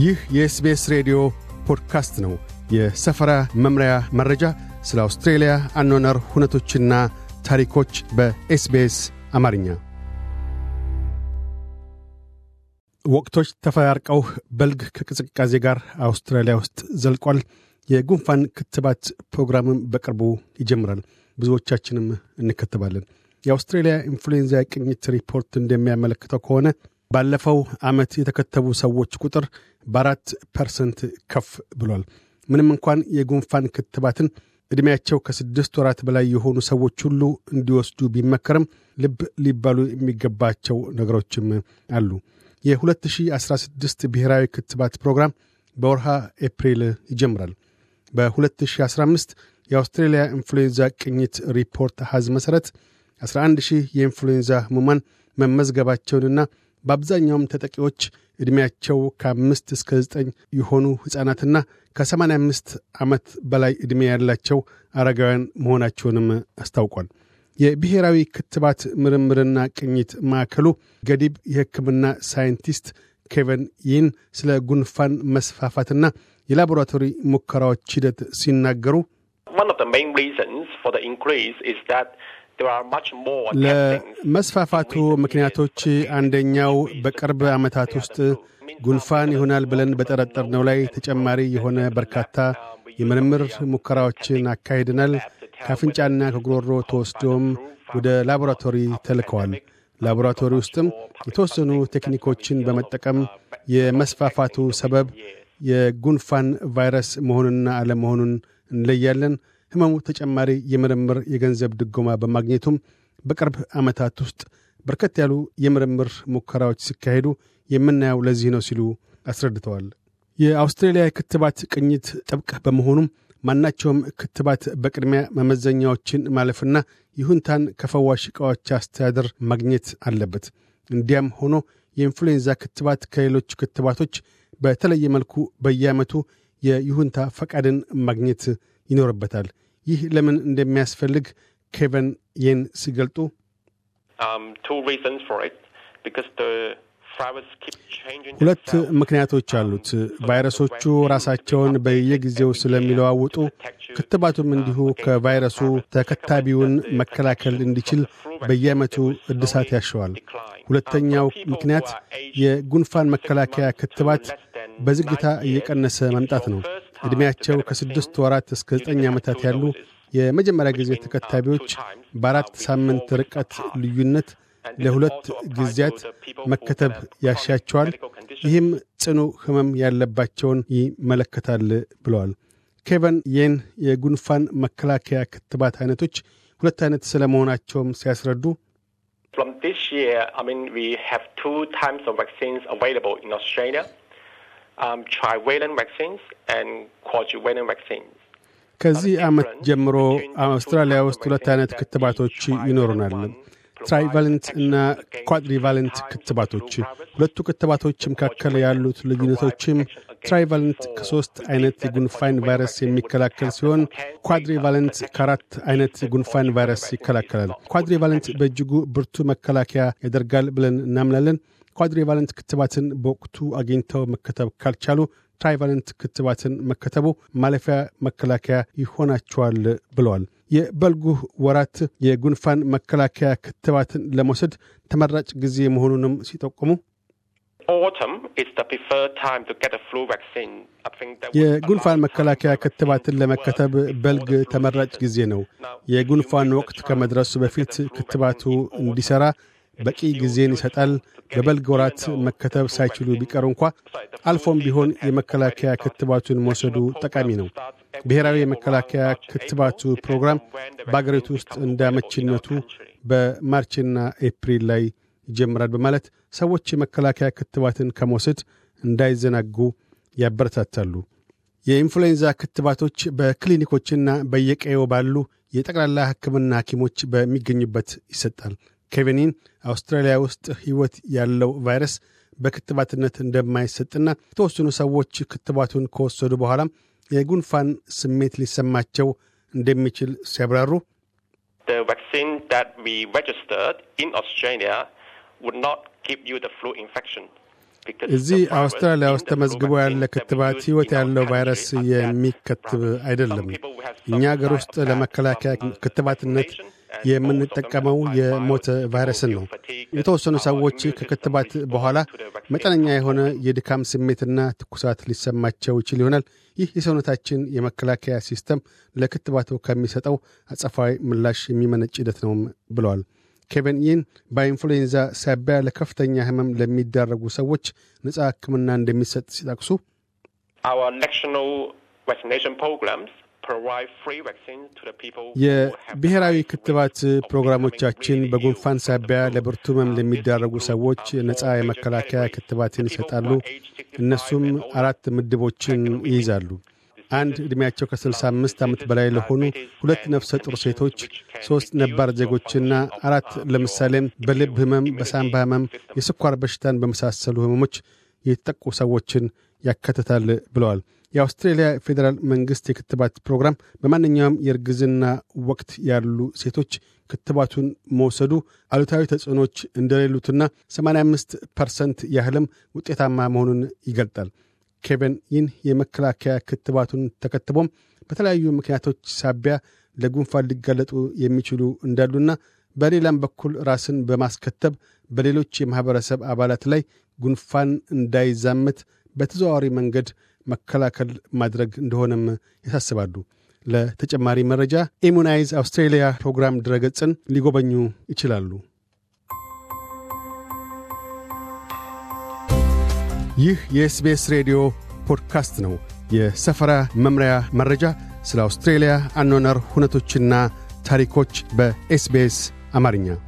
ይህ የኤስቤስ ሬዲዮ ፖድካስት ነው። የሰፈራ መምሪያ መረጃ፣ ስለ አውስትሬልያ አኗነር ሁነቶችና ታሪኮች በኤስቤስ አማርኛ። ወቅቶች ተፈራርቀው በልግ ከቅዝቃዜ ጋር አውስትራሊያ ውስጥ ዘልቋል። የጉንፋን ክትባት ፕሮግራምም በቅርቡ ይጀምራል። ብዙዎቻችንም እንከትባለን። የአውስትሬልያ ኢንፍሉዌንዛ ቅኝት ሪፖርት እንደሚያመለክተው ከሆነ ባለፈው ዓመት የተከተቡ ሰዎች ቁጥር በአራት ፐርሰንት ከፍ ብሏል። ምንም እንኳን የጉንፋን ክትባትን ዕድሜያቸው ከስድስት ወራት በላይ የሆኑ ሰዎች ሁሉ እንዲወስዱ ቢመከርም ልብ ሊባሉ የሚገባቸው ነገሮችም አሉ። የ2016 ብሔራዊ ክትባት ፕሮግራም በወርሃ ኤፕሪል ይጀምራል። በ2015 የአውስትሬልያ ኢንፍሉዌንዛ ቅኝት ሪፖርት ሐዝ መሠረት 11 ሺህ የኢንፍሉዌንዛ ህሙማን መመዝገባቸውንና በአብዛኛውም ተጠቂዎች ዕድሜያቸው ከአምስት እስከ ዘጠኝ የሆኑ ሕፃናትና ከ85 ዓመት በላይ ዕድሜ ያላቸው አረጋውያን መሆናቸውንም አስታውቋል። የብሔራዊ ክትባት ምርምርና ቅኝት ማዕከሉ ገዲብ የሕክምና ሳይንቲስት ኬቨን ይን ስለ ጉንፋን መስፋፋትና የላቦራቶሪ ሙከራዎች ሂደት ሲናገሩ ለመስፋፋቱ ምክንያቶች አንደኛው በቅርብ ዓመታት ውስጥ ጉንፋን ይሆናል ብለን በጠረጠርነው ላይ ተጨማሪ የሆነ በርካታ የምርምር ሙከራዎችን አካሂደናል። ከአፍንጫና ከጉሮሮ ተወስዶም ወደ ላቦራቶሪ ተልከዋል። ላቦራቶሪ ውስጥም የተወሰኑ ቴክኒኮችን በመጠቀም የመስፋፋቱ ሰበብ የጉንፋን ቫይረስ መሆኑንና አለመሆኑን እንለያለን። ህመሙ ተጨማሪ የምርምር የገንዘብ ድጎማ በማግኘቱም በቅርብ ዓመታት ውስጥ በርከት ያሉ የምርምር ሙከራዎች ሲካሄዱ የምናየው ለዚህ ነው ሲሉ አስረድተዋል። የአውስትሬልያ ክትባት ቅኝት ጥብቅ በመሆኑም ማናቸውም ክትባት በቅድሚያ መመዘኛዎችን ማለፍና ይሁንታን ከፈዋሽ ዕቃዎች አስተዳደር ማግኘት አለበት። እንዲያም ሆኖ የኢንፍሉዌንዛ ክትባት ከሌሎች ክትባቶች በተለየ መልኩ በየዓመቱ የይሁንታ ፈቃድን ማግኘት ይኖርበታል። ይህ ለምን እንደሚያስፈልግ ኬቨን የን ሲገልጡ um, ሁለት ምክንያቶች um, አሉት። ቫይረሶቹ ራሳቸውን በየጊዜው ስለሚለዋውጡ ክትባቱም um, እንዲሁ ከቫይረሱ ተከታቢውን መከላከል እንዲችል በየዓመቱ እድሳት ያሸዋል። ሁለተኛው ምክንያት የጉንፋን መከላከያ ክትባት በዝግታ እየቀነሰ መምጣት ነው። ዕድሜያቸው ከስድስት ወራት እስከ ዘጠኝ ዓመታት ያሉ የመጀመሪያ ጊዜ ተከታቢዎች በአራት ሳምንት ርቀት ልዩነት ለሁለት ጊዜያት መከተብ ያሻቸዋል። ይህም ጽኑ ህመም ያለባቸውን ይመለከታል ብለዋል። ኬቨን የን የጉንፋን መከላከያ ክትባት አይነቶች ሁለት አይነት ስለመሆናቸውም ሲያስረዱ um, trivalent vaccines and quadrivalent vaccines. ከዚህ ዓመት ጀምሮ አውስትራሊያ ውስጥ ሁለት አይነት ክትባቶች ይኖሩናል። ትራይቫለንት እና ኳድሪቫለንት ክትባቶች። ሁለቱ ክትባቶች መካከል ያሉት ልዩነቶችም ትራይቫለንት ከሶስት አይነት የጉንፋን ቫይረስ የሚከላከል ሲሆን ኳድሪቫለንት ከአራት አይነት የጉንፋን ቫይረስ ይከላከላል። ኳድሪቫለንት በእጅጉ ብርቱ መከላከያ ያደርጋል ብለን እናምናለን። ኳድሪቫለንት ክትባትን በወቅቱ አግኝተው መከተብ ካልቻሉ ትራይቫለንት ክትባትን መከተቡ ማለፊያ መከላከያ ይሆናቸዋል ብለዋል። የበልጉ ወራት የጉንፋን መከላከያ ክትባትን ለመውሰድ ተመራጭ ጊዜ መሆኑንም ሲጠቁሙ የጉንፋን መከላከያ ክትባትን ለመከተብ በልግ ተመራጭ ጊዜ ነው። የጉንፋን ወቅት ከመድረሱ በፊት ክትባቱ እንዲሠራ በቂ ጊዜን ይሰጣል። በበልግ ወራት መከተብ ሳይችሉ ቢቀሩ እንኳ አልፎም ቢሆን የመከላከያ ክትባቱን መውሰዱ ጠቃሚ ነው። ብሔራዊ የመከላከያ ክትባቱ ፕሮግራም በአገሪቱ ውስጥ እንዳመችነቱ በማርችና ኤፕሪል ላይ ይጀምራል በማለት ሰዎች የመከላከያ ክትባትን ከመውሰድ እንዳይዘናጉ ያበረታታሉ። የኢንፍሉዌንዛ ክትባቶች በክሊኒኮችና በየቀየው ባሉ የጠቅላላ ሕክምና ሐኪሞች በሚገኙበት ይሰጣል። ኬቬኒን አውስትራሊያ ውስጥ ሕይወት ያለው ቫይረስ በክትባትነት እንደማይሰጥና የተወሰኑ ሰዎች ክትባቱን ከወሰዱ በኋላም የጉንፋን ስሜት ሊሰማቸው እንደሚችል ሲያብራሩ እዚህ አውስትራሊያ ውስጥ ተመዝግቦ ያለ ክትባት ሕይወት ያለው ቫይረስ የሚከትብ አይደለም። እኛ አገር ውስጥ ለመከላከያ ክትባትነት የምንጠቀመው የሞተ ቫይረስን ነው። የተወሰኑ ሰዎች ከክትባት በኋላ መጠነኛ የሆነ የድካም ስሜትና ትኩሳት ሊሰማቸው ይችል ይሆናል። ይህ የሰውነታችን የመከላከያ ሲስተም ለክትባቱ ከሚሰጠው አጸፋዊ ምላሽ የሚመነጭ ሂደት ነውም ብለዋል። ኬቨን ይህን በኢንፍሉዌንዛ ሳቢያ ለከፍተኛ ህመም ለሚዳረጉ ሰዎች ነፃ ሕክምና እንደሚሰጥ ሲጠቅሱ የብሔራዊ ክትባት ፕሮግራሞቻችን በጉንፋን ሳቢያ ለብርቱ መም uh, ለሚዳረጉ ሰዎች uh, ነፃ የመከላከያ ክትባትን ይሰጣሉ። እነሱም አራት ምድቦችን ይይዛሉ። አንድ ዕድሜያቸው ከ65 ዓመት በላይ ለሆኑ፣ ሁለት ነፍሰ ጡር ሴቶች፣ ሦስት ነባር ዜጎችና አራት uh, ለምሳሌም በልብ ህመም በሳምባ ህመም የስኳር በሽታን በመሳሰሉ ህመሞች የተጠቁ ሰዎችን ያካትታል ብለዋል። የአውስትሬልያ ፌዴራል መንግሥት የክትባት ፕሮግራም በማንኛውም የእርግዝና ወቅት ያሉ ሴቶች ክትባቱን መውሰዱ አሉታዊ ተጽዕኖች እንደሌሉትና 85 ፐርሰንት ያህልም ውጤታማ መሆኑን ይገልጣል። ኬቨን ይህን የመከላከያ ክትባቱን ተከትቦም በተለያዩ ምክንያቶች ሳቢያ ለጉንፋን ሊጋለጡ የሚችሉ እንዳሉና በሌላም በኩል ራስን በማስከተብ በሌሎች የማኅበረሰብ አባላት ላይ ጉንፋን እንዳይዛመት በተዘዋዋሪ መንገድ መከላከል ማድረግ እንደሆነም ያሳስባሉ። ለተጨማሪ መረጃ ኢሙናይዝ አውስትሬሊያ ፕሮግራም ድረገጽን ሊጎበኙ ይችላሉ። ይህ የኤስቤስ ሬዲዮ ፖድካስት ነው። የሰፈራ መምሪያ መረጃ፣ ስለ አውስትሬሊያ አኗኗር ሁነቶችና ታሪኮች በኤስቤስ አማርኛ